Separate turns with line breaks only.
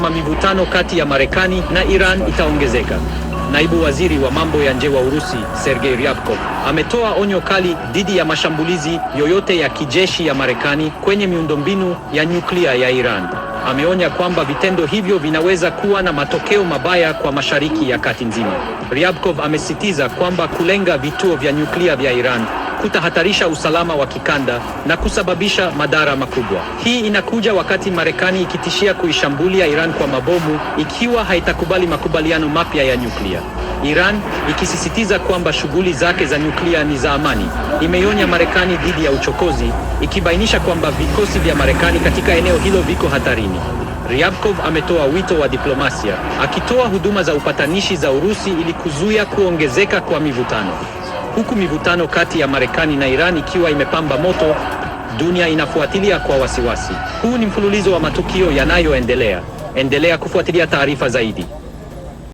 kama mivutano kati ya Marekani na Iran itaongezeka. Naibu waziri wa mambo ya nje wa Urusi Sergei Ryabkov ametoa onyo kali dhidi ya mashambulizi yoyote ya kijeshi ya Marekani kwenye miundombinu ya nyuklia ya Iran. Ameonya kwamba vitendo hivyo vinaweza kuwa na matokeo mabaya kwa Mashariki ya Kati nzima. Ryabkov amesitiza kwamba kulenga vituo vya nyuklia vya Iran kutahatarisha usalama wa kikanda na kusababisha madhara makubwa. Hii inakuja wakati Marekani ikitishia kuishambulia Iran kwa mabomu ikiwa haitakubali makubaliano mapya ya nyuklia. Iran ikisisitiza kwamba shughuli zake za nyuklia ni za amani, imeionya Marekani dhidi ya uchokozi, ikibainisha kwamba vikosi vya Marekani katika eneo hilo viko hatarini. Ryabkov ametoa wito wa diplomasia, akitoa huduma za upatanishi za Urusi ili kuzuia kuongezeka kwa mivutano huku mivutano kati ya Marekani na Iran ikiwa imepamba moto, dunia inafuatilia kwa wasiwasi. Huu ni mfululizo wa matukio yanayoendelea. Endelea kufuatilia taarifa zaidi.